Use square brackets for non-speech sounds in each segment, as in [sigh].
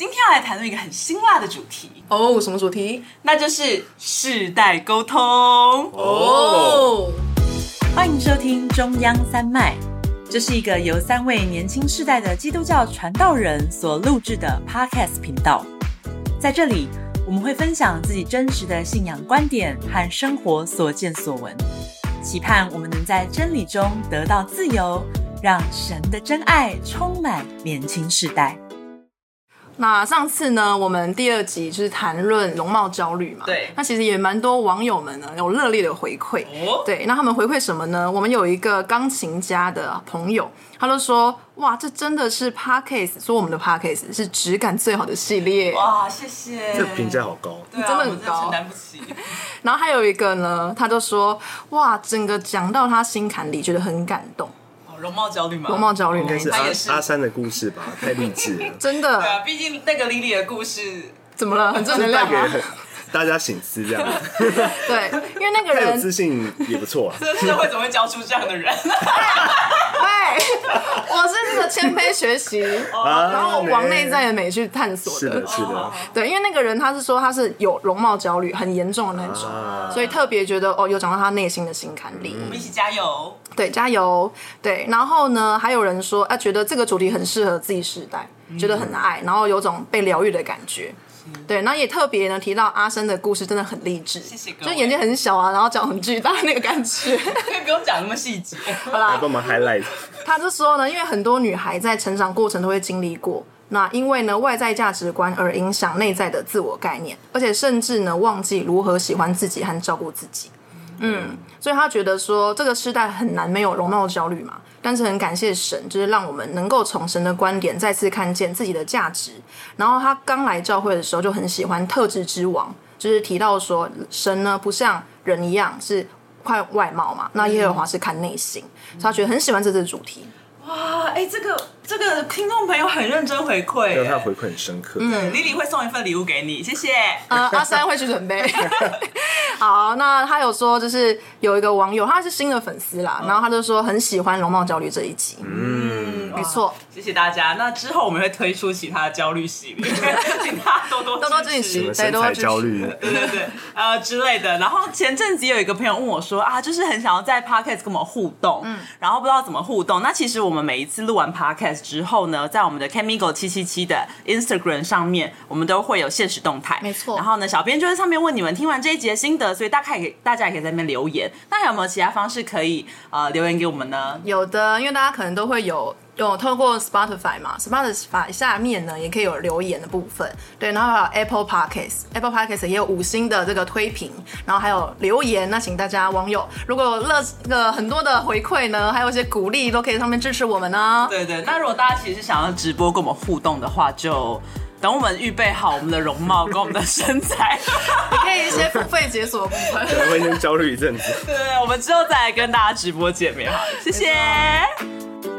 今天要來談論一個很辛辣的主題哦，oh, 什麼主題？那就是世代溝通。oh. 哦。歡迎收聽中央三麥，這是一個由三位年輕世代的基督教傳道人所錄製的 Podcast 頻道。在這裡，我們會分享自己真實的信仰觀點和生活所見所聞，期盼我們能在真理中得到自由，讓神的真愛充滿年輕世代。那上次呢，我們第二集就是談論容貌焦慮嘛。對，那其實也蠻多網友們呢有熱烈的回饋。哦，對，那他們回饋什麼呢？我們有一個鋼琴家的朋友，他就說：“哇，這真的是 Podcast，說我們的 Podcast 是質感最好的系列。”哇，謝謝，這評價好高，啊、真的很高，擔不起。然後還有一個呢，他就說：“哇，整個講到他心坎裡，覺得很感動。”容貌焦慮嗎？容貌焦慮，應該是阿是阿三的故事吧，太勵志了。真的，對啊，畢竟那個麗麗的故事怎麼了？很正能量嗎？給大家醒思這樣。 [laughs] [laughs] 對，因為那個人他有自信也不錯啊。這個社 [laughs] 會怎麼會教出這樣的人？喂。先輩學習，然後往內在的美去探索的。是的，是的，對，因為那個人他是說他是有容貌焦慮，很嚴重的那種，啊、所以特別覺得哦，有講到他內心的心坎裡，我們一起加油，對，加油，對，然後呢，還有人說啊，覺得這個主題很適合自己世代，嗯、覺得很愛，然後有種被療癒的感覺。對，然後也特別呢提到阿生的故事，真的很勵志。謝謝就眼睛很小啊，然後腳很巨大那個感覺， [laughs] 不用講那麼細節，好啦。highlight。他就說呢，因為很多女孩在成長過程都會經歷過，那因為呢外在價值觀而影響內在的自我概念，而且甚至呢忘記如何喜歡自己和照顧自己。嗯，嗯所以他覺得說這個時代很難沒有容貌焦慮嘛。但是很感謝神，就是讓我們能夠從神的觀點再次看見自己的價值。然後他剛來教會的時候就很喜歡特質之王，就是提到說神呢不像人一樣是看外貌嘛，那耶和華是看內心。嗯、所以他覺得很喜歡這次主題。哇，哎、欸，這個這個聽眾朋友很認真回饋，欸，對，他回饋很深刻。嗯，李李會送一份禮物給你，謝謝。嗯， [laughs] uh, 阿三會去準備。 [laughs] 好，那他有說，就是有一個網友，他是新的粉絲啦，嗯、然後他就說很喜歡容貌焦慮這一集。嗯。吧沒錯，謝謝大家。那之後我們會推出其他的焦慮系列，請 [laughs] 大家多多多多支持， [laughs] 多多焦慮，多多 [laughs] 對對對，呃之類的。然後前陣子有一個朋友問我說啊，就是很想要在 podcast 跟我們互動，嗯，然後不知道怎麼互動。那其實我們每一次錄完 podcast 之後呢，在我們的 Chemical 七七七的 Instagram 上面，我們都會有限時動態，沒錯。然後呢，小編就在上面問你們聽完這一集的心得，所以大概可以大家也可以在那邊留言。那還有沒有其他方式可以、呃、留言給我們呢？有的，因為大家可能都會有。有透過 Spotify 嘛，Spotify 下面呢也可以有留言的部分，對，然後還有 Apple Podcast，Apple Podcast，Apple Podcast 也有五星的這個推評，然後還有留言，那請大家網友如果樂、這個很多的回饋呢，還有一些鼓勵，都可以上面支持我們啊。對對，那如果大家其實想要直播跟我們互動的話，就等我們預備好我們的容貌 [laughs] 跟我們的身材， [laughs] 也可以一些付費解鎖的部分。可能我先焦慮一陣子。對對，我們之後再來跟大家直播見面，好，謝謝。 [laughs]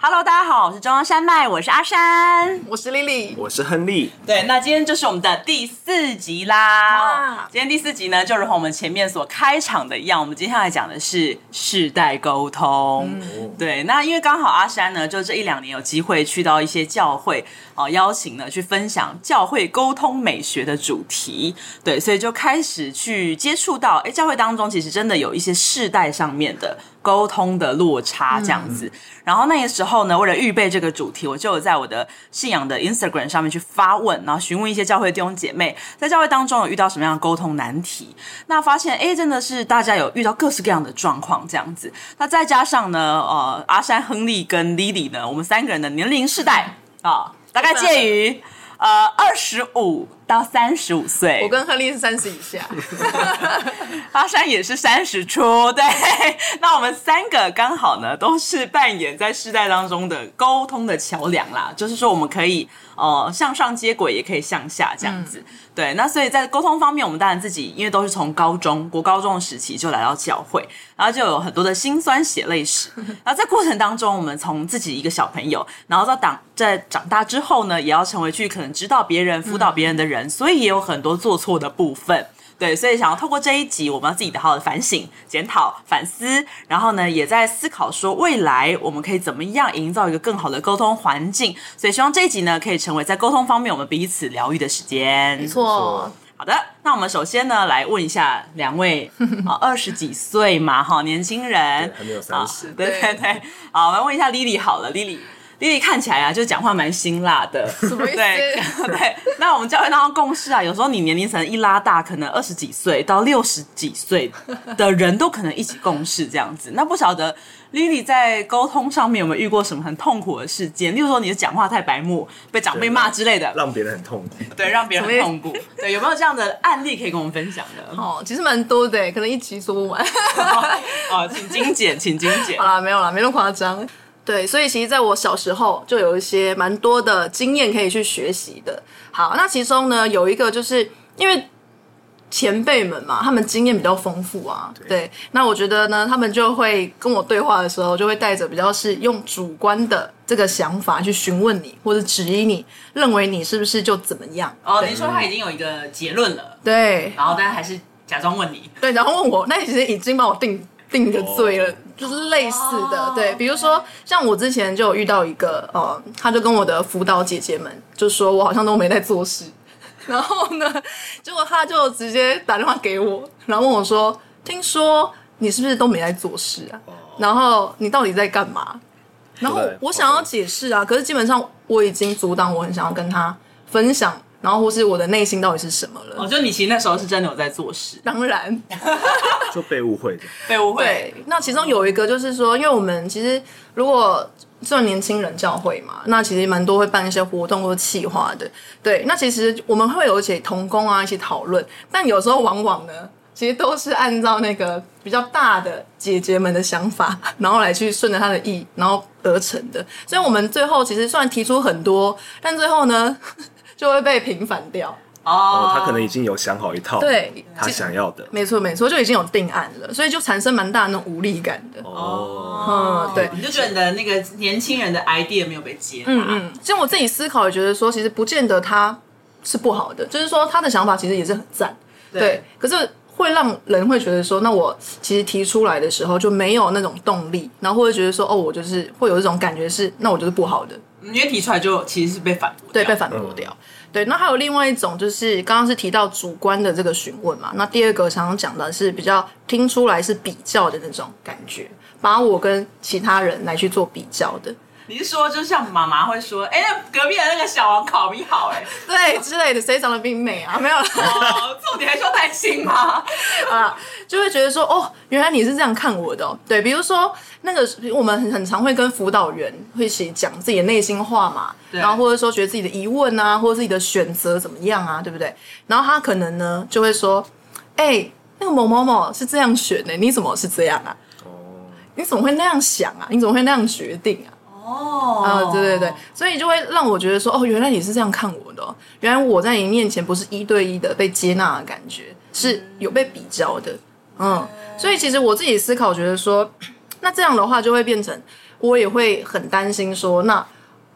Hello，大家好，我是中央三麥，我是阿山，我是麗麗，我是亨利。對，那今天就是我們的第四集啦。Wow. 今天第四集呢，就如同我們前面所開場的一樣，我們接下來講的是世代溝通。Mm. 對，那因為剛好阿山呢，就這一兩年有機會去到一些教會哦、呃，邀請呢去分享教會溝通美學的主題。對，所以就開始去接觸到，哎，教會當中其實真的有一些世代上面的。溝通的落差這樣子，嗯、然後那個時候呢，為了預備這個主題，我就有在我的信仰的 Instagram 上面去發問，然後詢問一些教會的弟兄姐妹，在教會當中有遇到什麼樣的溝通難題？那發現，哎，真的是大家有遇到各式各樣的狀況這樣子。那再加上呢，呃，阿山、亨利跟 Lily 呢，我們三個人的年齡世代啊、嗯哦，大概介於、嗯、呃，二十五到三十五歲，我跟賀利是三十以下， [laughs] 阿山也是三十初。對，那我們三個剛好呢，都是扮演在世代當中的溝通的橋樑啦。就是說，我們可以呃向上接軌，也可以向下這樣子。嗯、對，那所以在溝通方面，我們當然自己，因為都是從高中、國高中的時期就來到教會，然後就有很多的辛酸血淚史。然後、嗯、在過程當中，我們從自己一個小朋友，然後到長在長大之後呢，也要成為去可能指導別人、輔導別人的人。嗯。所以也有很多做錯的部分，對，所以想要透過這一集，我們要自己好好的反省、檢討、反思，然後呢，也在思考說未來我們可以怎麼樣營造一個更好的溝通環境。所以希望這一集呢，可以成為在溝通方面我們彼此療癒的時間。沒錯哦，好的，那我們首先呢，來問一下兩位啊，哦，二十幾歲嘛，哈，哦，年輕人還沒有三十，對對對，對，好，我們問一下莉莉好了，莉莉。Lily 看起來啊，就是講話蠻辛辣的，是不是？對，那我們教會當中共事啊，有時候你年齡層一拉大，可能二十幾歲到六十幾歲的人都可能一起共事這樣子。那不曉得 Lily 在溝通上面有沒有遇過什麼很痛苦的事件？例如說你的講話太白目，被長輩罵之類的，讓別人很痛苦。對，讓別人很痛苦。對，有沒有這樣的案例可以跟我們分享的？哦，其實蠻多的，可能一集說不完。啊、 [laughs] 哦，請精簡，請精簡。好了，沒有了，沒那麼誇張。對，所以其實在我小時候就有一些蠻多的經驗可以去學習的。好，那其中呢有一個，就是因為前輩們嘛，他們經驗比較豐富啊。對，對，那我覺得呢，他們就會跟我對話的時候，就會帶着比較是用主觀的這個想法去詢問你，或者質疑你，認為你是不是就怎麼樣？哦，等於說他已經有一個結論了，對，然後大家還是假裝問你，對，然後問我，那你其實已經把我定定個罪了。哦就是類似的，Oh, okay. 對，比如說像我之前就遇到一個，呃，他就跟我的輔導姐姐們就說，我好像都沒在做事，然後呢，結果他就直接打電話給我，然後問我說，聽說你是不是都沒在做事啊？Oh. 然後你到底在幹嘛？然後我想要解釋啊，okay. 可是基本上我已經阻擋，我很想要跟他分享。然後或是我的內心到底是什麼了？哦，就你其實那時候是真的有在做事。對當然， [laughs] 就被誤會的，被誤會。對，那其中有一個就是說，因為我們其實如果算年輕人教會嘛，那其實蠻多會辦一些活動或企劃的。對，那其實我們會有一些同工啊，一些討論，但有時候往往呢，其實都是按照那個比較大的姐姐們的想法，然後來去順着她的意，然後得成的。所以我們最後其實雖然提出很多，但最後呢。就會被平反掉哦，oh, 他可能已經有想好一套，對，他想要的，沒錯沒錯，就已經有定案了，所以就產生蠻大的那種無力感的哦，oh. 嗯，對，你就覺得你的那個年輕人的 idea 沒有被接納，嗯，嗯嗯，其實我自己思考也覺得說，其實不見得他是不好的，就是說他的想法其實也是很讚，對，對，可是會讓人會覺得說，那我其實提出來的時候就沒有那種動力，然後會，會覺得說，哦，我就是會有這種感覺是，那我就是不好的。你一提出來就其實是被反駁，對，被反駁掉。嗯，對，那還有另外一種，就是剛剛是提到主觀的這個詢問嘛。那第二個常常講的是比較，聽出來是比較的那種感覺，把我跟其他人來去做比較的。你是說，就像媽媽會說：“哎、欸，那隔壁的那個小王考比好哎、欸， [laughs] 對之類的，誰長得比你美啊？”沒有，這種你還說開心嗎？ [laughs] 啊，就會覺得說，哦，原來你是這樣看我的、哦。對，比如說那個，我們很常會跟輔導員會一起講自己的內心話嘛，對然後或者說覺得自己的疑問啊，或者自己的選擇怎麼樣啊，對不對？然後他可能呢，就會說：“哎、欸，那個某某某是這樣選的，你怎麼是這樣啊？哦，你怎麼會那樣想啊？你怎麼會那樣決定啊？”哦，啊，oh. uh, 對對對，所以就會讓我覺得說，哦，原來你是這樣看我的，哦，原來我在你面前不是一對一的被接納的感覺，是有被比較的，mm. 嗯，Okay. 所以其實我自己思考覺得說，那這樣的話就會變成我也會很擔心說，那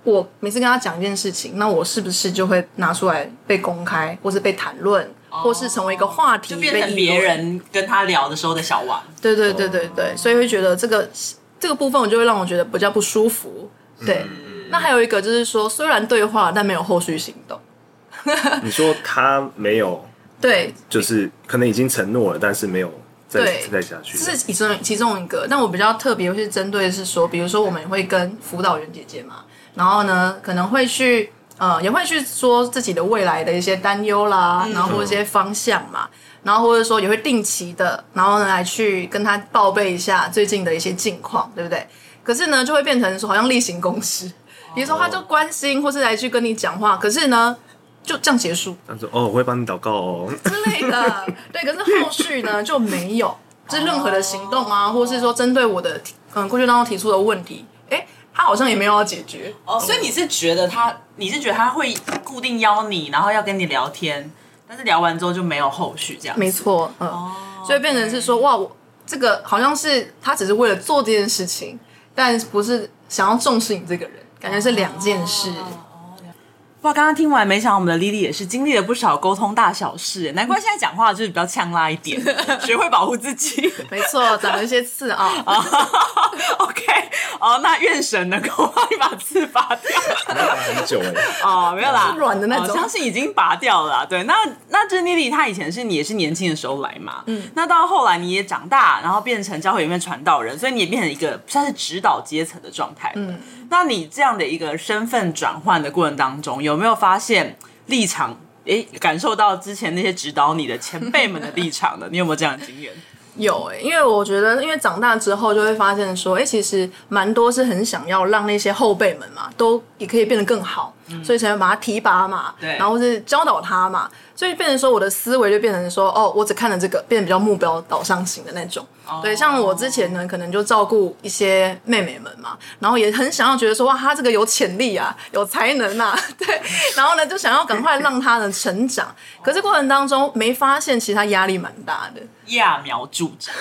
我每次跟他講一件事情，那我是不是就會拿出來被公開，或是被談論，oh. 或是成為一個話題被，就變成別人跟他聊的時候的小玩？對，對對對對對，oh. 所以會覺得這個。這個部分我就會讓我覺得比較不舒服。對，嗯、那還有一個就是說，雖然對話，但沒有後續行動。 [laughs] 你說他沒有？對，就是可能已經承諾了，但是沒有再對再下去。這是其中其中一個。但我比較特別，是針對的是說，比如說我們會跟輔導員姐姐嘛，然後呢，可能會去呃，也會去說自己的未來的一些擔憂啦，嗯、然後或一些方向嘛。嗯然後或者說也會定期的，然後呢來去跟他報備一下最近的一些近況，對不對？可是呢就會變成說好像例行公事，比如、哦、說他就關心或是來去跟你講話，可是呢就這樣結束。他說：“哦，我會幫你禱告哦之類的。” [laughs] 對，可是後續呢就沒有，就任何的行動啊，哦、或是說針對我的嗯過去當中提出的問題，誒他好像也沒有要解決。嗯、所以你是覺得他，你是覺得他會固定邀你，然後要跟你聊天？但是聊完之後就沒有後續這樣，沒錯，嗯，Oh, okay. 所以變成是說，哇，我這個好像是他只是為了做這件事情，但不是想要重視你這個人，感覺是兩件事。Oh. 哇，剛剛聽完，沒想到我們的 Lily 也是經歷了不少溝通大小事，難怪現在講話就是比較嗆拉一點， [laughs] 學會保護自己。沒錯，長了一些刺啊。OK，哦，那怨神能夠幫你把刺拔掉。沒了很久了哦，沒有啦，軟的那種，相信、哦、已經拔掉了。對，那那 j Lily 她以前是你也是年輕的時候來嘛，嗯，那到後來你也長大，然後變成教會裡面傳道人，所以你也變成一個算是指導階層的狀態。嗯，那你這樣的一個身份轉換的過程當中有。有沒有發現立場？哎，感受到之前那些指導你的前輩們的立場的，你有沒有這樣的經驗？ [laughs] 有哎、欸，因為我覺得，因為長大之後就會發現說，哎、欸，其實蠻多是很想要讓那些後輩們嘛，都也可以變得更好，嗯、所以才會把他提拔嘛，對，然後是教導他嘛。所以變成說，我的思維就變成說，哦，我只看了這個，變成比較目標導向型的那種。Oh. 對，像我之前呢，可能就照顧一些妹妹們嘛，然後也很想要覺得說，哇，她這個有潛力啊，有才能啊，對，然後呢，就想要趕快讓她的成長。 [laughs] 可是過程當中，沒發現其實她壓力蠻大的，揠苗助長，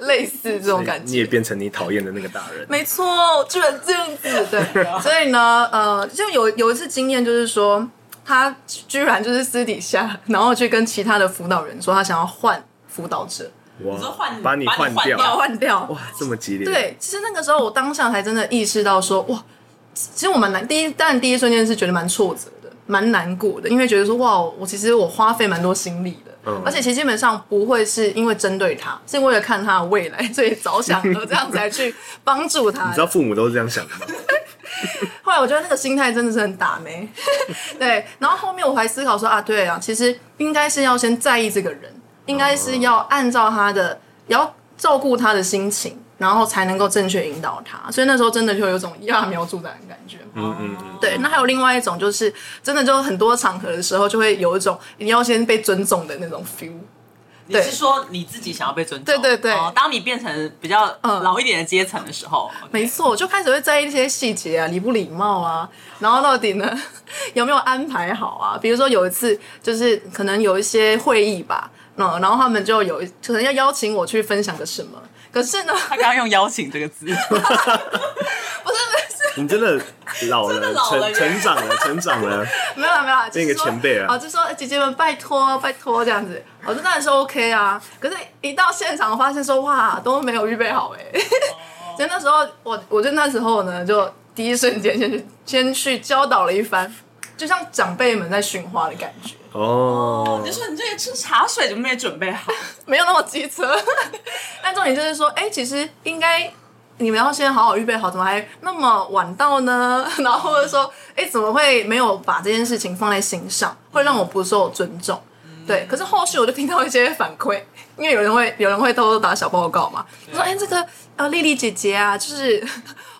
類似這種感覺。你也變成你討厭的那個大人，沒錯，居然這樣子，對。 [laughs] 所以呢，呃，就有有一次經驗，就是說。他居然就是私底下，然後去跟其他的輔導人說，他想要換輔導者，你哇說換把你換掉你換掉，換掉哇，這麼激烈？對，其實那個時候我當下才真的意識到說，哇，其實我蠻難。第一，當然第一瞬間是覺得蠻挫折的，蠻難過的，因為覺得說，哇，我其實我花費蠻多心力的，嗯、而且其實基本上不會是因為針對他，是為了看他的未來，所以着想而這樣子來去幫助他。 [laughs] 你知道父母都是這樣想的嗎？ [laughs] [laughs] 後來我覺得那個心態真的是很打沒， [laughs] 對。然後後面我還思考說啊，對啊，其實應該是要先在意這個人，應該是要按照他的，要照顧他的心情，然後才能夠正確引導他。所以那時候真的就有一種揠苗助長的感覺。嗯嗯嗯。對，那還有另外一種，就是真的就很多場合的時候，就會有一種你要先被尊重的那種 feel。對你是說你自己想要被尊重？對對對、哦，當你變成比較老一點的階層的時候，嗯、Okay 沒錯，我就開始會在意一些細節啊，禮不禮貌啊，然後到底呢有沒有安排好啊？比如說有一次就是可能有一些會議吧，嗯，然後他們就有可能要邀請我去分享個什麼，可是呢，他剛剛用邀請這個字。 [laughs] 你真的老了，真的老了耶。成，成長了，成長了， [laughs] 沒有了，沒有了，那、就是、個前輩啊。我、哦、就說、欸、姐姐們拜托、啊，拜托這樣子。我、哦、就那時候 OK 啊，可是一到現場我發現說哇都沒有預備好哎、欸。真 [laughs] 的那時候我，我就那時候呢，就第一瞬間先去先去教導了一番，就像長輩們在訓話的感覺。哦，就說你這個吃茶水怎麼沒準備好？ [laughs] 沒有那麼機車。 [laughs] 但重點就是說，哎、欸，其實應該。你們要先好好預備好，怎麼還那麼晚到呢？然後或者說，哎、欸，怎麼會沒有把這件事情放在心上，會讓我不受尊重。對，可是後續我就聽到一些反饋，因為有人會有人會偷偷打小報告嘛，說哎、欸，這個啊，呃、麗麗姐姐啊，就是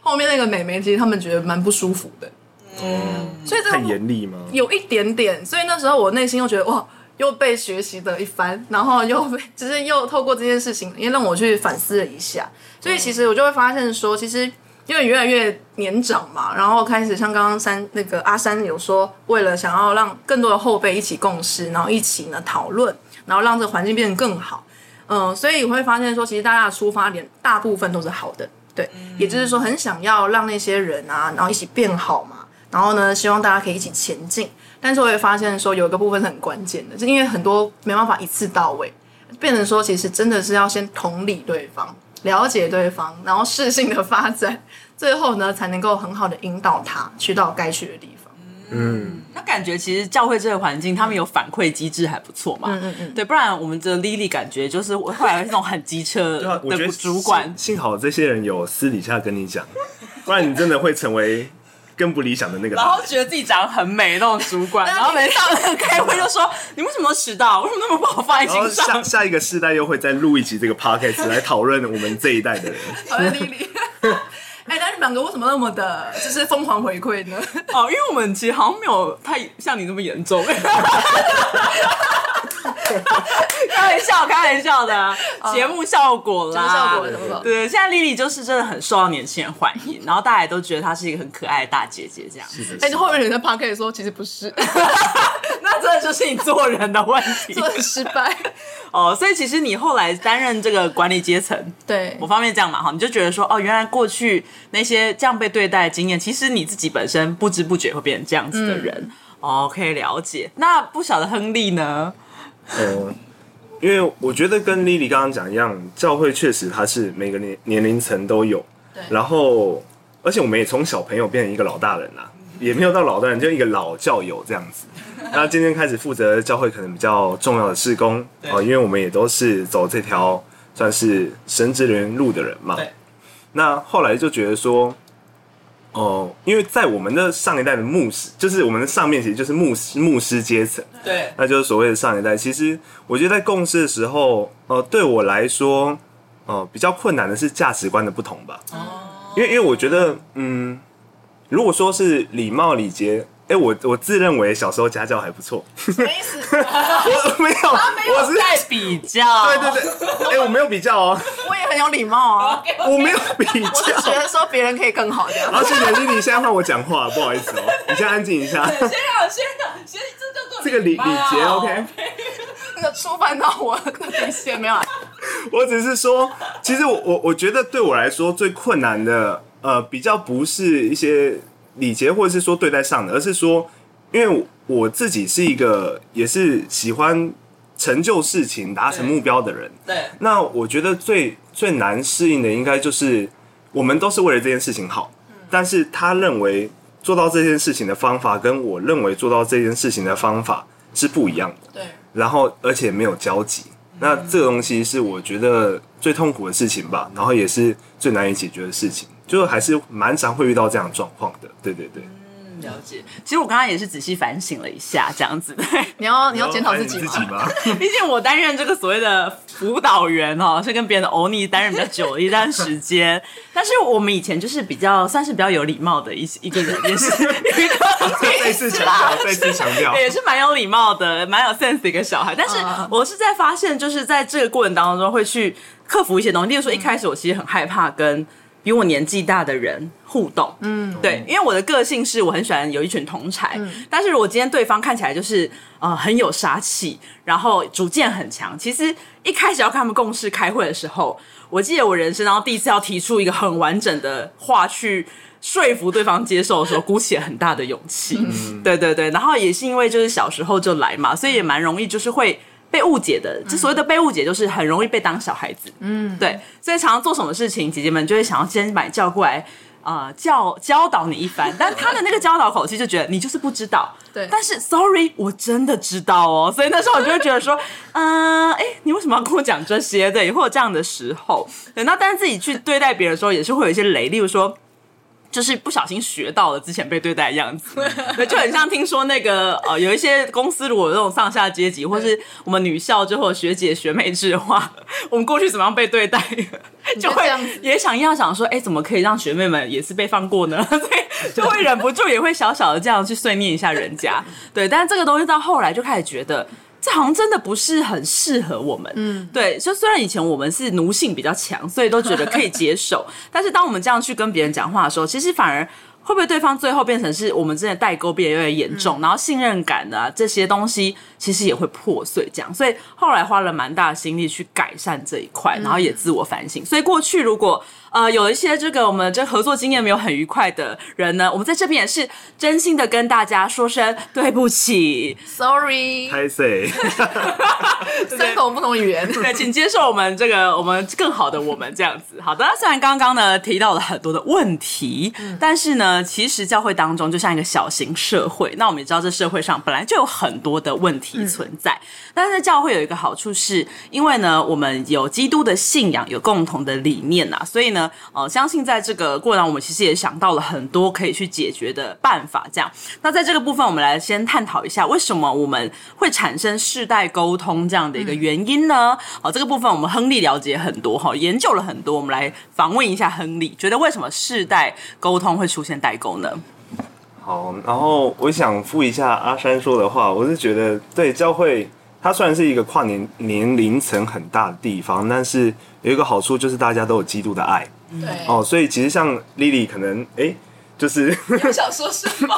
後面那個美眉，其實他們覺得蠻不舒服的。哦、嗯，所以這很嚴厲嗎？有一點點。所以那時候我內心又覺得哇。又被學習了一番，然後又被就是又透過這件事情，也讓我去反思了一下。所以其實我就會發現說，其實因為越來越年長嘛，然後開始像剛剛三那個阿三有說，為了想要讓更多的後輩一起共事，然後一起呢討論，然後讓這環境變得更好。嗯，所以我會發現說，其實大家的出發點大部分都是好的，對，也就是說很想要讓那些人啊，然後一起變好嘛，然後呢，希望大家可以一起前進。但是我也發現說有一個部分是很關鍵的，就因為很多沒辦法一次到位，變成說其實真的是要先同理對方，了解對方，然後適性的發展，最後呢才能夠很好的引導他去到該去的地方。嗯，嗯，那感覺其實教會這個環境他們有反饋機制還不錯嘛。嗯嗯嗯。對，不然我們這個 Lily 感覺就是後來會是那種很機車的主管 [laughs] 對、啊我覺得。幸好這些人有私底下跟你講，不然你真的會成為更不理想的那個，然後覺得自己長得很美那種主管， [laughs] 然後每次到那個開會就說：“ [laughs] 你為什麼遲到？為什麼那麼不好放在心上下？”下一個世代又會再錄一集這個 podcast 來討論我們這一代的人。哎，但是兩個為什麼那麼的，就 [laughs] 是瘋狂回饋呢？ [laughs] 哦，因為我們其實好像沒有太像你那麼嚴重。 [laughs] [laughs] [laughs] 開玩笑，開玩笑的節、啊、對目效果啦，呃、節目效果對，現在麗麗就是真的很受到年輕人歡迎，然後大家也都覺得她是一個很可愛的大姐姐這樣子。但是，是，是、欸、就後面女人盤可以說，其實不是， [laughs] [laughs] 那真的就是你做人的問題，做人失敗 [laughs] 哦。所以其實你後來擔任這個管理階層，對我方面這樣嘛哈，你就覺得說哦，原來過去那些這樣被對待經驗，其實你自己本身不知不覺會變成這樣子的人、嗯、哦。可以了解，那不曉得亨利呢？ [laughs] 嗯，因為我覺得跟 Lily 剛剛講一樣，教會確實它是每個年年齡層都有。對然後，而且我們也從小朋友變成一個老大人啦、啊，也沒有到老大人，就一個老教友，這樣子。 [laughs] 那今天開始負責教會，可能比較重要的事工哦對、嗯，因為我們也都是走這條算是神職人員路的人嘛。對那後來就覺得說。哦、呃，因為在我們的上一代的牧師，就是我們的上面其實就是牧師、牧師階層，對，那就是所謂的上一代。其實我覺得在共事的時候，呃，對我來說，呃，比較困難的是價值觀的不同吧。哦，因為因為我覺得，嗯，如果說是禮貌禮節。哎、欸，我我自認為小時候家教還不錯，沒有， [laughs] 我沒有，沒有我是在比較，對對對，哎、欸，我沒有比較哦，我也很有禮貌哦、啊、我沒有比較，我覺得說別人可以更好。然後、 [laughs] 啊，謝謝 Lily 現在換我講話，不好意思哦，對對對你先安靜一下，先的先的，先、啊、這就對、啊、這個禮禮節，OK，那個觸犯到我的底線沒有？我只是說，其實我我我覺得對我來說最困難的，呃，比較不是一些。理解或者是說對待上的，而是說，因為我自己是一個也是喜歡成就事情、達成目標的人。對，對那我覺得最最難適應的，應該就是我們都是為了這件事情好，嗯、但是他認為做到這件事情的方法，跟我認為做到這件事情的方法是不一樣的。對，然後而且沒有交集，嗯、那這個東西是我覺得最痛苦的事情吧，然後也是最難以解決的事情。就還是蠻常會遇到這樣的狀況的，對對對。嗯，了解。其實我剛剛也是仔細反省了一下，這樣子，對。你要你要檢討自己吧。自己嗎，畢竟我擔任這個所謂的輔導員哦， [laughs] 是跟別人的 ONI 擔任比較久了一段時間。 [laughs] 但是我們以前就是比較算是比較有禮貌的一一個人，也是類似啦，再次強調，也是蠻有禮貌的，蠻有 sense 的一個小孩。但是我是在發現，就是在這個過程當中會去克服一些東西。嗯、例如說，一開始我其實很害怕跟。比我年紀大的人互動，嗯，對，因為我的個性是我很喜歡有一群同儕。嗯、但是如果今天對方看起來就是呃很有殺氣，然後主見很強，其實一開始要跟他們共事開會的時候，我記得我人生然後第一次要提出一個很完整的話去說服對方接受的時候， [laughs] 鼓起了很大的勇氣，嗯、對對對，然後也是因為就是小時候就來嘛，所以也蠻容易就是會。被誤解的，這所謂的被誤解，就是很容易被當小孩子。嗯，對，所以常常做什麼事情，姐姐們就會想要先把你叫過來，啊、呃，教教導你一番。但他的那個教導口氣，就覺得你就是不知道。對，但是，sorry，我真的知道哦。所以那時候我就會覺得說，嗯、 [laughs] 呃，哎、欸，你為什麼要跟我講這些？對，會有這樣的時候。對，那但是自己去對待別人的時候，也是會有一些雷，例如說。就是不小心學到了之前被對待的樣子，對就很像聽說那個呃，有一些公司如果有這種上下階級，或是我們女校之後學姐學妹制的話，我們過去怎麼樣被對待，就會也想要想說，哎、欸，怎麼可以讓學妹們也是被放過呢？所以就會忍不住也會小小的這樣去碎念一下人家。對，但是這個東西到後來就開始覺得。這好像真的不是很適合我們，嗯，對，就雖然以前我們是奴性比較強，所以都覺得可以接受， [laughs] 但是當我們這樣去跟別人講話的時候，其實反而會不會對方最後變成是我們之間代溝變得越來越嚴重，嗯，然後信任感啊這些東西其實也會破碎，這樣，所以後來花了蠻大的心力去改善這一塊，然後也自我反省，所以過去如果。呃，有一些這個我們這合作經驗沒有很愉快的人呢，我們在這邊也是真心的跟大家說聲對不起，sorry，歹勢， [laughs] 三種不同語言，對，請接受我們這個我們更好的我們這樣子。好的，雖然剛剛呢提到了很多的問題， [laughs] 但是呢，其實教會當中就像一個小型社會，那我們也知道這社會上本來就有很多的問題存在， [laughs] 但是在教會有一個好處是，是因為呢我們有基督的信仰，有共同的理念啊，所以呢。呃，相信在這個過程當中，我們其實也想到了很多可以去解決的辦法。這樣，那在這個部分，我們來先探討一下，為什麼我們會產生世代溝通這樣的一個原因呢？哦、嗯，這個部分我們亨利了解很多，哈，研究了很多。我們來訪問一下亨利，覺得為什麼世代溝通會出現代溝呢？好，然後我想複一下阿山說的話，我是覺得對教會。它雖然是一個跨年年齡層很大的地方，但是有一個好處就是大家都有基督的愛，對哦，所以其實像莉莉可能哎、欸，就是很想說什麼？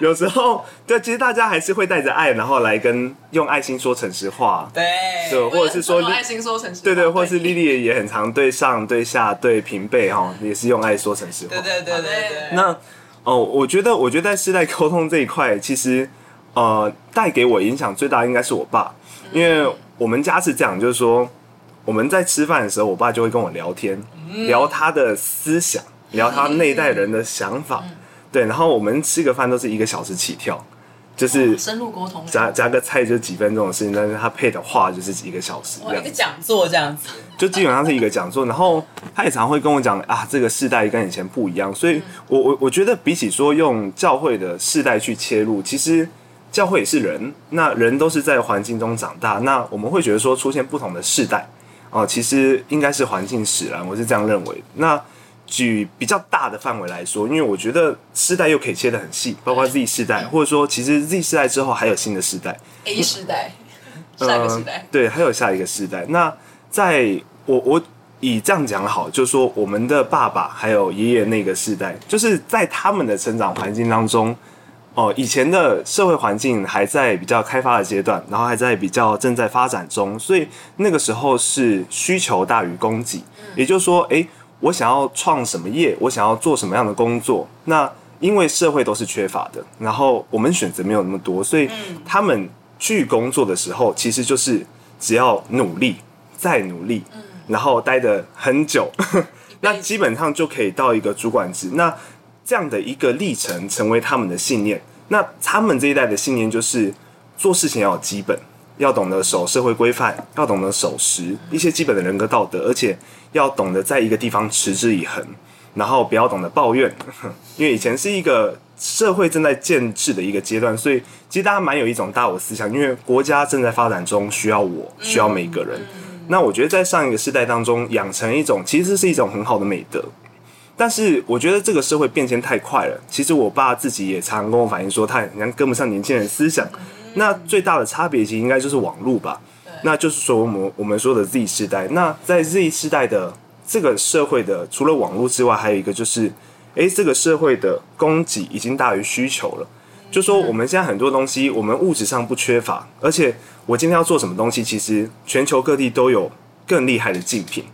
[laughs] 有時候對，其實大家還是會帶着愛，然後來跟用愛心說誠實話，對，就或者是說用愛心說誠實話，對，對對，對你或是莉莉也很常對上對下對平輩哈，也是用愛說誠實話，對，對對對對對。嗯、那哦，我覺得，我覺得在世代溝通這一塊，其實。呃，帶給我影響、嗯、最大的應該是我爸，因為我們家是這樣，就是說我們在吃飯的時候，我爸就會跟我聊天，嗯、聊他的思想，聊他那一代人的想法。嗯、對，然後我們吃個飯都是一個小時起跳，嗯、就是深入溝通，夾夾個菜就幾分鐘的事情，但是他配的話就是一個小時、哦，一個講座這樣子，就基本上是一個講座。然後他也常會跟我講啊，這個世代跟以前不一樣，所以我我我覺得比起說用教會的世代去切入，其實。教會也是人，那人都是在環境中長大。那我們會覺得說出現不同的世代，哦、呃，其實應該是環境使然，我是這樣認為。那舉比較大的範圍來說，因為我覺得世代又可以切得很細，包括 Z 世代，嗯、或者說其實 Z 世代之後還有新的世代，A 世代，嗯、下一個世代，呃，對，還有下一個世代。那在我我以這樣講好，就是說我們的爸爸還有爺爺那個世代，就是在他們的成長環境當中。哦，以前的社會環境還在比較開發的階段，然後還在比較正在發展中，所以那個時候是需求大於供給。嗯，也就是說，誒，我想要創什麼業，我想要做什麼樣的工作，那因為社會都是缺乏的，然後我們選擇沒有那麼多，所以他們去工作的時候，其實就是只要努力，再努力，嗯，然後待得很久， [laughs] 那基本上就可以到一個主管職。那這樣的一個歷程成為他們的信念。那他們這一代的信念就是做事情要有基本，要懂得守社會規範，要懂得守時，一些基本的人格道德，而且要懂得在一個地方持之以恆，然後不要懂得抱怨。 [laughs] 因為以前是一個社會正在建制的一個階段，所以其實大家蠻有一種大我思想，因為國家正在發展中需要我，需要每個人。嗯、那我覺得在上一個世代當中養成一種，其實是一種很好的美德。但是我覺得這個社會變遷太快了。其實我爸自己也常跟我反映說，他好像跟不上年輕人思想。嗯、那最大的差別其實應該就是網絡吧。對那就是說我們我們說的 Z 世代。那在 Z 世代的這個社會的，除了網絡之外，還有一個就是，誒、欸，這個社會的供給已經大於需求了。就說我們現在很多東西，我們物質上不缺乏，而且我今天要做什麼東西，其實全球各地都有更厲害的競品。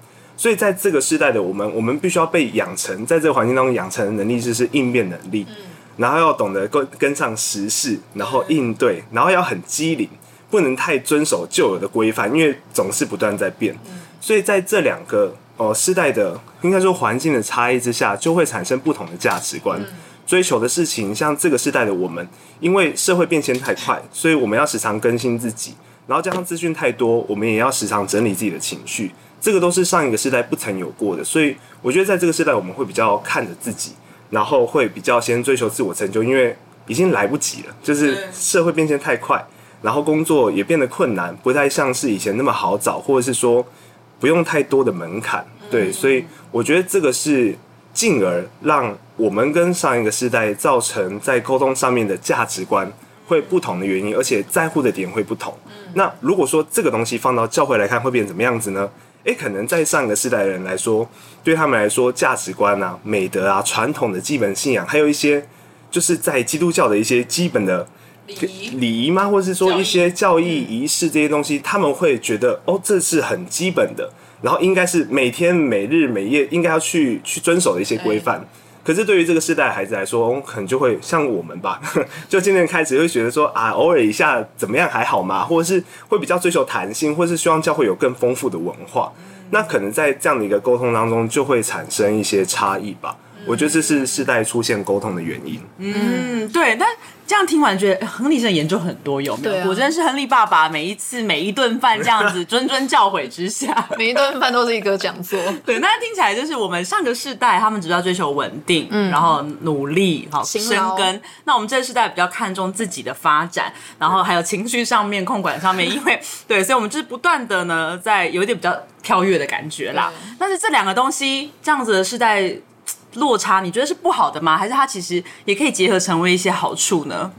所以，在這個世代的我們，我們必須要被養成，在這個環境當中養成的能力就是應變能力，嗯、然後要懂得跟跟上時事，然後應對，嗯、然後要很機靈，不能太遵守舊有的規範，因為總是不斷在變。嗯、所以，在這兩個呃世代的，應該說環境的差異之下，就會產生不同的價值觀，嗯、追求的事情。像這個世代的我們，因為社會變遷太快，所以我們要時常更新自己，然後加上資訊太多，我們也要時常整理自己的情緒。這個都是上一個世代不曾有過的，所以我覺得在這個時代，我們會比較看着自己，然後會比較先追求自我成就，因為已經來不及了。就是社會變遷太快，對然後工作也變得困難，不太像是以前那麼好找，或者是說不用太多的門檻。嗯、對，所以我覺得這個是進而讓我們跟上一個世代造成在溝通上面的價值觀會不同的原因，而且在乎的點會不同。嗯、那如果說這個東西放到教會來看，會變成怎麼樣子呢？誒，可能在上個世代人來說，對他們來說，價值觀啊、美德啊、傳統的基本信仰，還有一些就是在基督教的一些基本的禮儀嗎？或者是說一些教義儀式這些東西，他們會覺得哦，這是很基本的，然後應該是每天每日每夜應該要去去遵守的一些規範。可是對於這個世代孩子來說，可能就會像我們吧，就漸漸開始會覺得說啊，偶爾一下怎麼樣還好嘛，或者是會比較追求彈性，或是希望教會有更豐富的文化。嗯、那可能在這樣的一個溝通當中，就會產生一些差異吧。嗯、我覺得這是世代出現溝通的原因。嗯，對，但。這樣聽完覺得亨利真的研究很多，有沒有？對、啊，我真的是亨利爸爸，每一次每一頓飯這樣子諄諄教誨之下， [laughs] 每一頓飯都是一個講座。 [laughs] 對，那聽起來就是我們上個世代他們只要追求穩定，嗯，然後努力，好生根。好那我們這個世代比較看重自己的發展，然後還有情緒上面控管上面，因為對，所以我們就是不斷的呢，在有一點比較跳躍的感覺啦。對但是這兩個東西這樣子的世代。落差你覺得是不好的嗎？還是它其實也可以結合成為一些好處呢？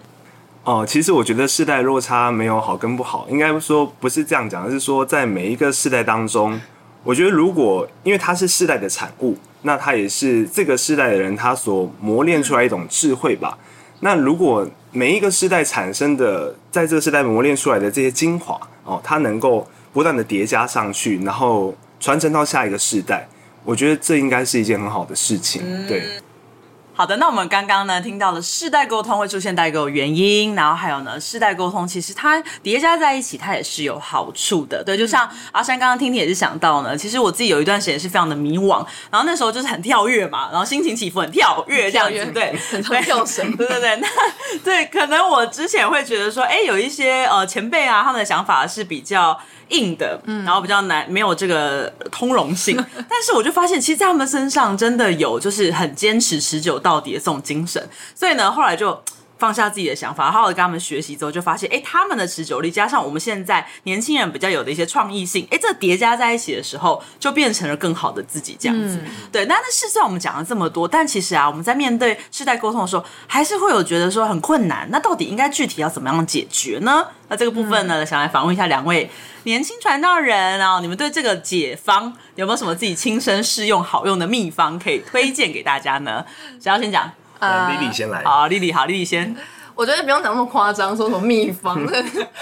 哦，其實我覺得世代落差沒有好跟不好，應該說不是這樣講，而是說在每一個世代當中，我覺得如果因為它是世代的產物，那它也是這個世代的人他所磨練出來一種智慧吧。那如果每一個世代產生的，在這個世代磨練出來的這些精華哦，它能夠不斷地疊加上去，然後傳承到下一個世代，我覺得這應該是一件很好的事情，嗯、對。好的，那我們剛剛呢聽到了世代溝通會出現代溝的原因，然後還有呢，世代溝通其實它疊加在一起，它也是有好處的，對。就像阿山剛剛聽聽也是想到呢，其實我自己有一段時間是非常的迷惘，然後那時候就是很跳躍嘛，然後心情起伏很跳躍這樣子，對，跳神，對對對，那對，可能我之前會覺得說，哎、欸，有一些呃前輩啊，他們的想法是比較硬的，嗯，然後比較難，沒有這個通融性，嗯、但是我就發現，其實在他們身上真的有，就是很堅持持久到底的這種精神，所以呢，後來就，放下自己的想法，好好的跟他們學習之後，就發現哎、欸，他們的持久力加上我們現在年輕人比較有的一些創意性，哎、欸，這疊加在一起的時候，就變成了更好的自己這樣子。嗯、對，那那事實上我們講了這麼多，但其實啊，我們在面對世代溝通的時候，還是會有覺得說很困難。那到底應該具體要怎麼樣解決呢？那這個部分呢，想來訪問一下兩位年輕傳道人啊，你們對這個解方有沒有什麼自己親身試用好用的秘方可以推薦給大家呢？ [laughs] 想要先講。呃、莉莉啊，莉莉先來啊！莉莉，好，莉莉先。我覺得不用講那麼誇張，說什麼秘方， [laughs]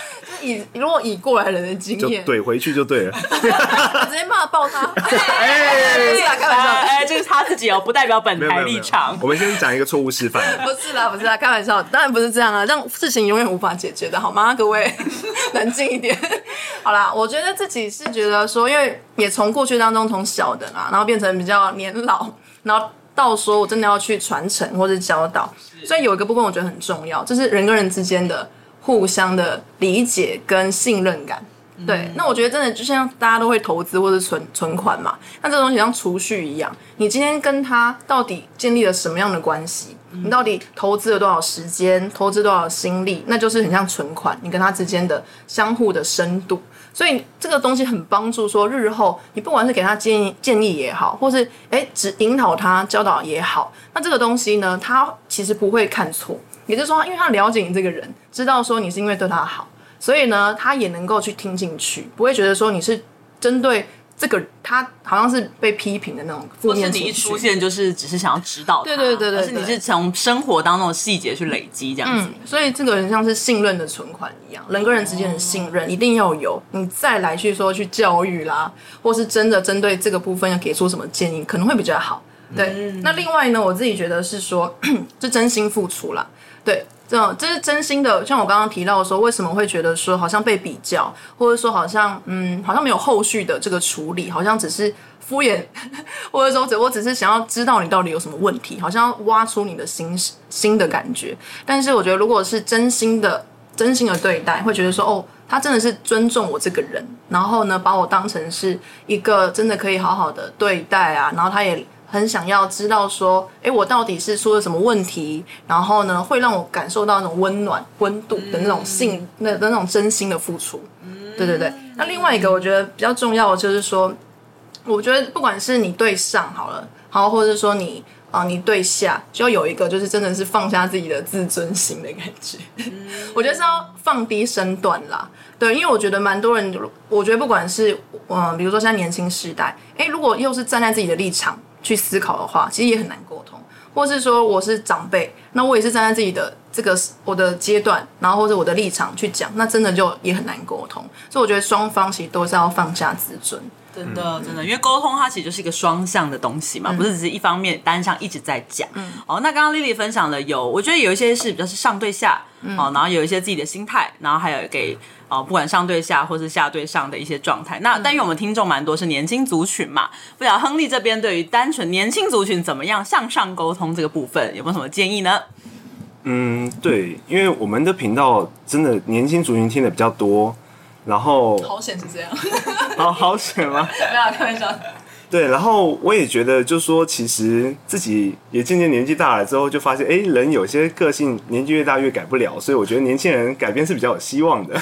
[laughs] 以如果以過來人的經驗懟回去就對了， [laughs] [laughs] 直接罵爆他，他！哎，開玩笑，哎、哦欸欸，這是他自己哦，不代表本台立場。沒有沒有沒有，我們先講一個錯誤示範， [laughs] 不是啦，不是啦，開玩笑，當然不是這樣啊，讓事情永遠無法解決的好嗎？各位， [laughs] 冷靜一點。 [laughs] 好啦，我覺得自己是覺得說，因為也從過去當中從小的嘛，然後變成比較年老，然後。到說，我真的要去傳承或者教導，所以有一個部分我覺得很重要，就是人跟人之間的互相的理解跟信任感。對，嗯、那我覺得真的就像大家都會投資或者存存款嘛，那這東西像儲蓄一樣，你今天跟他到底建立了什麼樣的關係？你到底投資了多少時間，投資多少心力？那就是很像存款，你跟他之間的相互的深度。所以這個東西很幫助，說日後你不管是給他建議建議也好，或是誒、欸、只引導他教導也好，那這個東西呢，他其實不會看錯，也就是說，因為他了解你這個人，知道說你是因為對他好，所以呢，他也能夠去聽進去，不會覺得說你是針對。這個他好像是被批評的那種負面，或是你一出現就是只是想要指導，對，對對對對，是你是從生活當中的細節去累積這樣子。嗯，所以這個很像是信任的存款一樣，人跟人之間的信任，哦，一定要有，你再來去說去教育啦，或是真的針對這個部分要給出什麼建議，可能會比較好。對，嗯，那另外呢，我自己覺得是說，是 [coughs] 真心付出啦。對。這種，這是真心的，像我剛剛提到說，為什麼會覺得說好像被比較，或者說好像嗯，好像沒有後續的這個處理，好像只是敷衍，或者說只我只是想要知道你到底有什麼問題，好像挖出你的心心的感覺。但是我覺得，如果是真心的、真心的對待，會覺得說哦，他真的是尊重我這個人，然後呢，把我當成是一個真的可以好好的對待啊，然後他也。很想要知道說，哎、欸，我到底是出了什麼問題？然後呢，會讓我感受到那種溫暖、溫度的那種性，那那種真心的付出。對對對。那另外一個我覺得比較重要的就是說，我覺得不管是你對上好了，好，或者說你啊、呃，你對下，就要有一個就是真的是放下自己的自尊心的感覺。 [laughs] 我覺得是要放低身段啦。對，因為我覺得蠻多人，我覺得不管是嗯、呃，比如說現在年輕時代，哎、欸，如果又是站在自己的立場。去思考的話，其實也很難溝通。或是說我是長輩，那我也是站在自己的這個我的階段，然後或者我的立場去講，那真的就也很難溝通。所以我覺得雙方其實都是要放下自尊。真的，真的，因為溝通它其實就是一個雙向的東西嘛，不是只是一方面單向一直在講。嗯、哦，那剛剛莉莉分享了有，我覺得有一些是比較是上對下，嗯、哦，然後有一些自己的心態，然後還有給哦，不管上對下或是下對上的一些狀態。那但因為我們聽眾蠻多是年輕族群嘛，不曉得亨利這邊對於單純年輕族群怎麼樣向上溝通這個部分有沒有什麼建議呢？嗯，對，因為我們的頻道真的年輕族群聽的比較多。然後好險是這樣，啊、 [laughs] 哦、好險嗎？沒有開玩笑。對，然後我也覺得，就是說其實自己也漸漸年紀大了之後，就發現，哎，人有些個性年紀越大越改不了，所以我覺得年輕人改變是比較有希望的。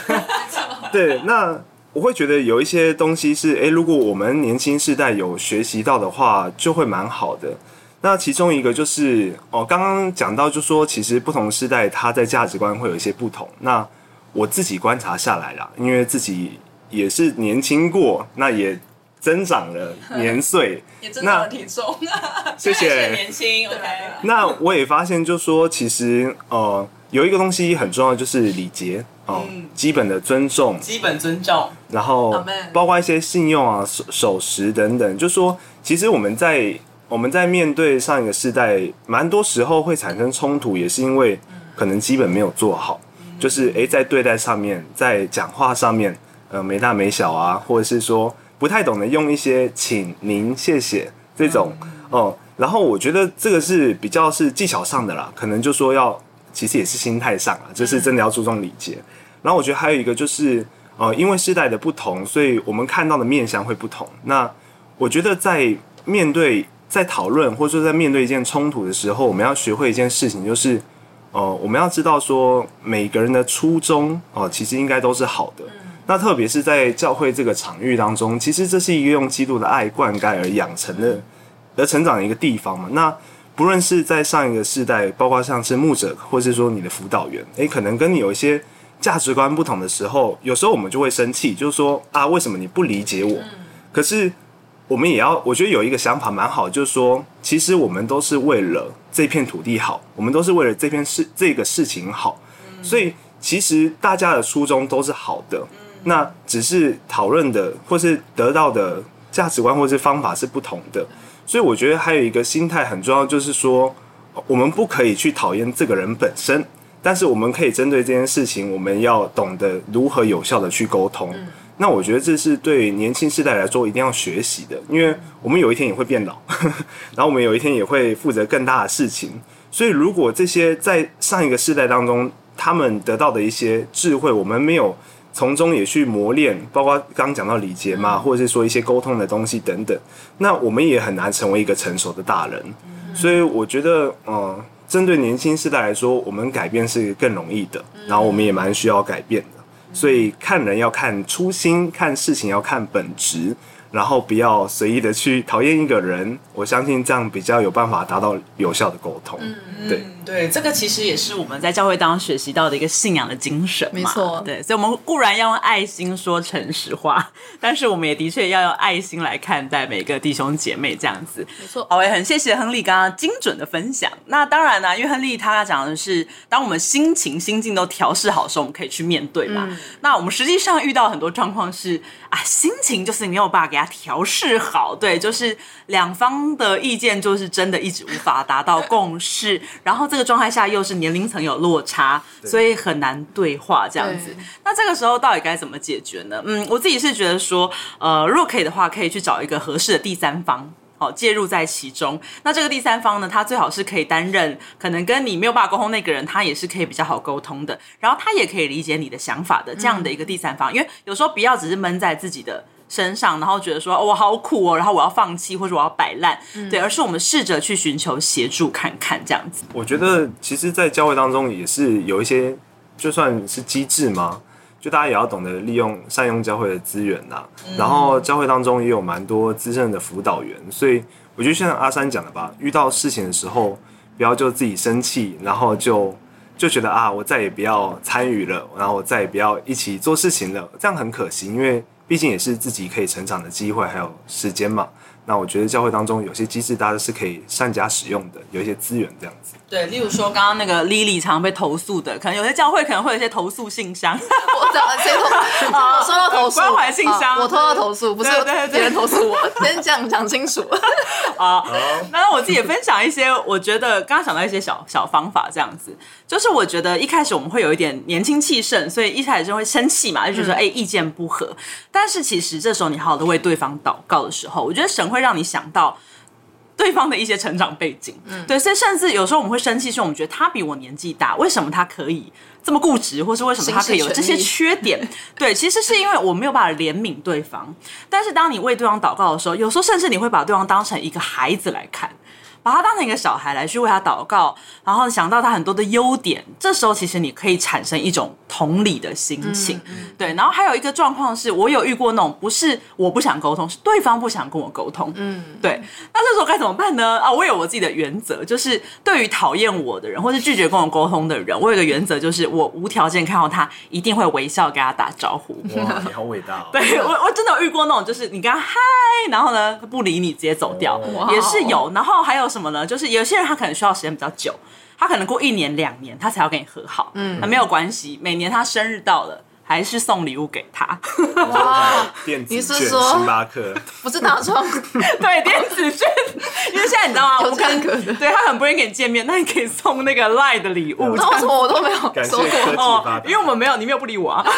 [laughs] 對，那我會覺得有一些東西是，哎，如果我們年輕世代有學習到的話，就會蠻好的。那其中一個就是，哦，剛剛講到就是說，其實不同世代，它在價值觀會有一些不同。那我自己觀察下來啦，因為自己也是年輕過，那也增長了年歲，呵呵也增長了體重，啊。那 [laughs] 謝謝年輕 [laughs] ，OK。那我也發現就是說，就說其實呃，有一個東西很重要，就是禮節哦，呃嗯、基本的尊重，基本尊重，然後包括一些信用啊，守守時等等。就說其實我們在我們在面對上一個世代，蠻多時候會產生衝突，也是因為可能基本沒有做好。就是誒、欸，在對待上面，在講話上面，呃，沒大沒小啊，或者是說不太懂得用一些“請您”“謝謝”這種哦、嗯嗯。然後我覺得這個是比較是技巧上的啦，可能就說要其實也是心態上啊，就是真的要注重禮節。嗯、然後我覺得還有一個就是，呃，因為世代的不同，所以我們看到的面相會不同。那我覺得在面對在討論，或者說在面對一件衝突的時候，我們要學會一件事情，就是。哦、呃，我們要知道說每個人的初衷哦、呃，其實應該都是好的。嗯、那特別是在教會這個場域當中，其實這是一個用基督的愛灌溉而養成的、而成長的一個地方嘛。那不論是在上一個世代，包括像是牧者，或是說你的輔導員，誒、欸，可能跟你有一些價值觀不同的時候，有時候我們就會生氣，就是說啊，為什麼你不理解我？嗯、可是。我們也要，我覺得有一個想法蠻好，就是說，其實我們都是為了這片土地好，我們都是為了這片事這個事情好，嗯、所以其實大家的初衷都是好的，嗯、那只是討論的或是得到的價值觀或是方法是不同的，所以我覺得還有一個心態很重要，就是說，我們不可以去討厭這個人本身，但是我們可以針對這件事情，我們要懂得如何有效的去溝通。嗯那我覺得這是對年輕世代來說一定要學習的，因為我們有一天也會變老呵呵，然後我們有一天也會負責更大的事情。所以如果這些在上一個世代當中他們得到的一些智慧，我們沒有從中也去磨練，包括剛剛講到禮節嘛，或者是說一些溝通的東西等等，那我們也很難成為一個成熟的大人。所以我覺得，嗯，針對年輕世代來說，我們改變是更容易的，然後我們也蠻需要改變的。所以看人要看初心，看事情要看本質，然後不要隨意的去討厭一個人。我相信這樣比較有辦法達到有效的溝通。嗯嗯。對。對，這個其實也是我們在教會當中學習到的一個信仰的精神嘛。沒錯，對，所以我們固然要用愛心說誠實話，但是我們也的確要用愛心來看待每個弟兄姐妹這樣子。沒錯，好，也很謝謝亨利剛剛精準的分享。那當然呢、啊，因為亨利他講的是，當我們心情、心境都調試好時，我們可以去面對嘛。嗯、那我們實際上遇到很多狀況是啊，心情就是沒有辦法給他調試好，對，就是兩方的意見就是真的一直無法達到共識， [laughs] 然後這個。這個狀態下又是年齡層有落差，所以很難對話這樣子。對那這個時候到底該怎麼解決呢？嗯，我自己是覺得說，呃，若可以的話，可以去找一個合適的第三方，好、哦、介入在其中。那這個第三方呢，他最好是可以擔任，可能跟你沒有辦法溝通那個人，他也是可以比較好溝通的，然後他也可以理解你的想法的這樣的一個第三方。嗯、因為有時候不要只是悶在自己的。身上，然後覺得說、哦，我好苦哦，然後我要放棄，或者我要擺爛，嗯、對，而是我們試着去尋求協助，看看這樣子。我覺得其實，在教會當中也是有一些，就算是機制嘛，就大家也要懂得利用、善用教會的資源吶。嗯、然後，教會當中也有蠻多資深的輔導員，所以我覺得像阿三講的吧，遇到事情的時候，不要就自己生氣，然後就就覺得啊，我再也不要參與了，然後我再也不要一起做事情了，這樣很可惜，因為。畢竟也是自己可以成長的機會，還有時間嘛。那我覺得教會當中有些機制，大家是可以善加使用的，有一些資源這樣子。對，例如說剛剛那個 Lily 常被投訴的，可能有些教會可能會有一些投訴信箱， [laughs] 啊 [laughs] 啊、我收到，收到投訴，關懷信箱，我收到投訴，對，不是別人投訴我，先講講清楚 [laughs] [laughs] 啊。那我自己也分享一些，我覺得剛剛想到一些小小方法，這樣子，就是我覺得一開始我們會有一點年輕氣盛，所以一開始就會生氣嘛，就覺得哎，意見不合，但是其實這時候你好好的為對方禱告的時候，我覺得神會讓你想到。對方的一些成長背景，對，所以甚至有時候我們會生氣，說我們覺得他比我年紀大，為什麼他可以這麼固執，或是為什麼他可以有這些缺點？對，其實是因為我沒有辦法憐憫對方。但是當你為對方禱告的時候，有時候甚至你會把對方當成一個孩子來看。把他當成一個小孩來去為他禱告，然後想到他很多的優點，這時候其實你可以產生一種同理的心情，嗯、對。然後還有一個狀況是我有遇過那種不是我不想溝通，是對方不想跟我溝通，嗯，對。那這時候該怎麼辦呢？啊，我有我自己的原則，就是對於討厭我的人或是拒絕跟我溝通的人，我有個原則就是我無條件看到他一定會微笑跟他打招呼。哇，你好偉大，哦！對我我真的有遇過那種就是你跟他嗨，然後呢他不理你直接走掉，哦、也是有。然後還有。什麼呢？就是有些人他可能需要時間比較久，他可能過一年兩年他才要跟你和好，嗯，那沒有關係。每年他生日到了，還是送禮物給他。哇， [laughs] 電子你是說星巴克？不是打錯？ [laughs] [laughs] 對，電子券。 [laughs] 因為現在你知道嗎？不 [laughs] 看對他很不願意跟你見面。那你可以送那個 LINE 的禮物。那我為什麼我都沒有說過哦，因為我們沒有，你沒有不理我啊。 [laughs]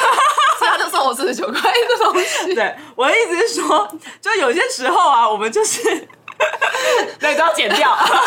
所以他就送我四十九塊一個東西。 [laughs] 對，我的意思是說，就有些時候啊，我們就是。 [laughs] 那你都要剪掉。啊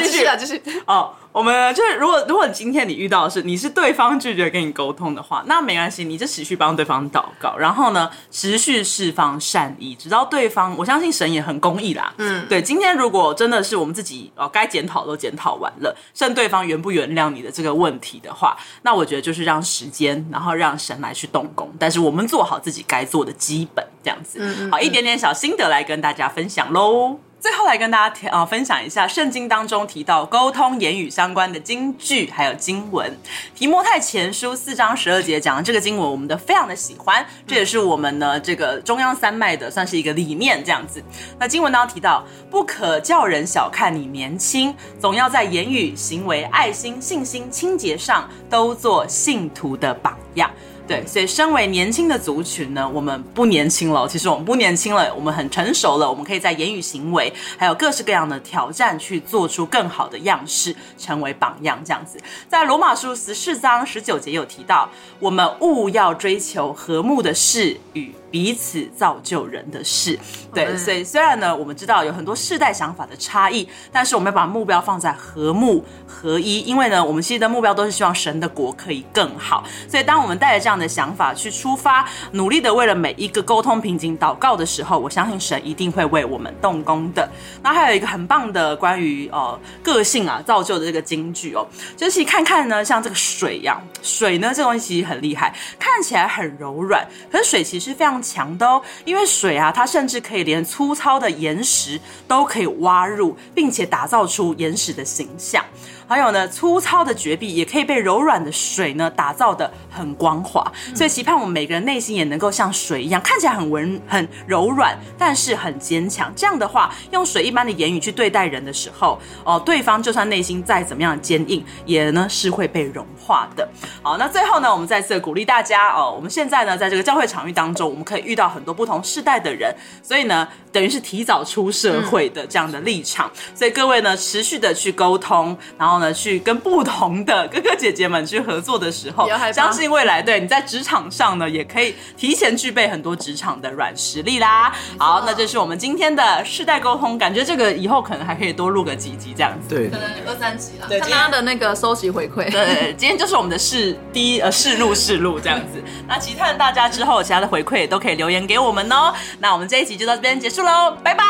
繼續，繼續啊繼續，啊 [laughs] 我們就是，如果如果今天你遇到的是你是對方拒絕跟你溝通的話，那沒關係，你就持續幫對方禱告，然後呢，持續釋放善意，直到對方。我相信神也很公義啦，嗯，對。今天如果真的是我們自己哦該檢討都檢討完了，剩對方原不原諒你的這個問題的話，那我覺得就是讓時間，然後讓神來去動工。但是我們做好自己該做的基本這樣子，嗯嗯嗯，好，一點點小心得來跟大家分享嘍。最後來跟大家提啊、呃，分享一下聖經當中提到溝通言語相關的金句，還有經文。提摩太前書四章十二節講的這個經文，我們都非常的喜歡。這也是我們呢這個中央三麥的算是一個理念這樣子。那經文當中提到，不可叫人小看你年輕，總要在言語、行為、愛心、信心、清潔上都做信徒的榜樣。對，所以身為年輕的族群呢，我們不年輕了。其實我們不年輕了，我們很成熟了。我們可以在言語、行為，還有各式各樣的挑戰，去做出更好的樣式，成為榜樣。這樣子，在羅馬書十四章十九節有提到，我們務要追求和睦的事與彼此造就人的事，對，所以雖然呢，我們知道有很多世代想法的差異，但是我們要把目標放在和睦合一，因為呢，我們其實的目標都是希望神的國可以更好。所以，當我們帶着這樣的想法去出發，努力的為了每一個溝通瓶頸禱告的時候，我相信神一定會為我們動工的。那還有一個很棒的關於呃個性啊造就的這個金句哦，就是看看呢，像這個水一樣，水呢這東西其實很厲害，看起來很柔軟，可是水其實非常。強的哦，因為水啊，它甚至可以連粗糙的岩石都可以挖入，並且打造出岩石的形象。還有呢，粗糙的絕壁也可以被柔軟的水呢打造得很光滑。所以，期盼我們每個人內心也能夠像水一樣，看起來很溫很柔軟，但是很堅強。這樣的話，用水一般的言語去對待人的時候，哦，對方就算內心再怎麼樣堅硬，也呢是會被融化的。好，那最後呢，我們再次鼓勵大家哦，我們現在呢，在這個教會場域當中，我們。可以遇到很多不同世代的人，所以呢，等於是提早出社會的這樣的立場。嗯、所以各位呢，持續的去溝通，然後呢，去跟不同的哥哥姐姐們去合作的時候，相信未來對你在職場上呢，也可以提前具備很多職場的軟實力啦。對好，錯那這是我們今天的世代溝通，感覺這個以後可能還可以多錄個幾集這樣子，對，可能二三集了。對看大家的那個收集回饋，對，今天就是我們的試第一呃試錄試錄這樣子。 [laughs] 對那其他的大家之後其他的回饋也都可以可以留言給我們哦，那我們這一集就到這邊結束嘍，拜拜，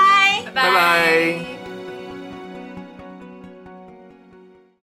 拜拜。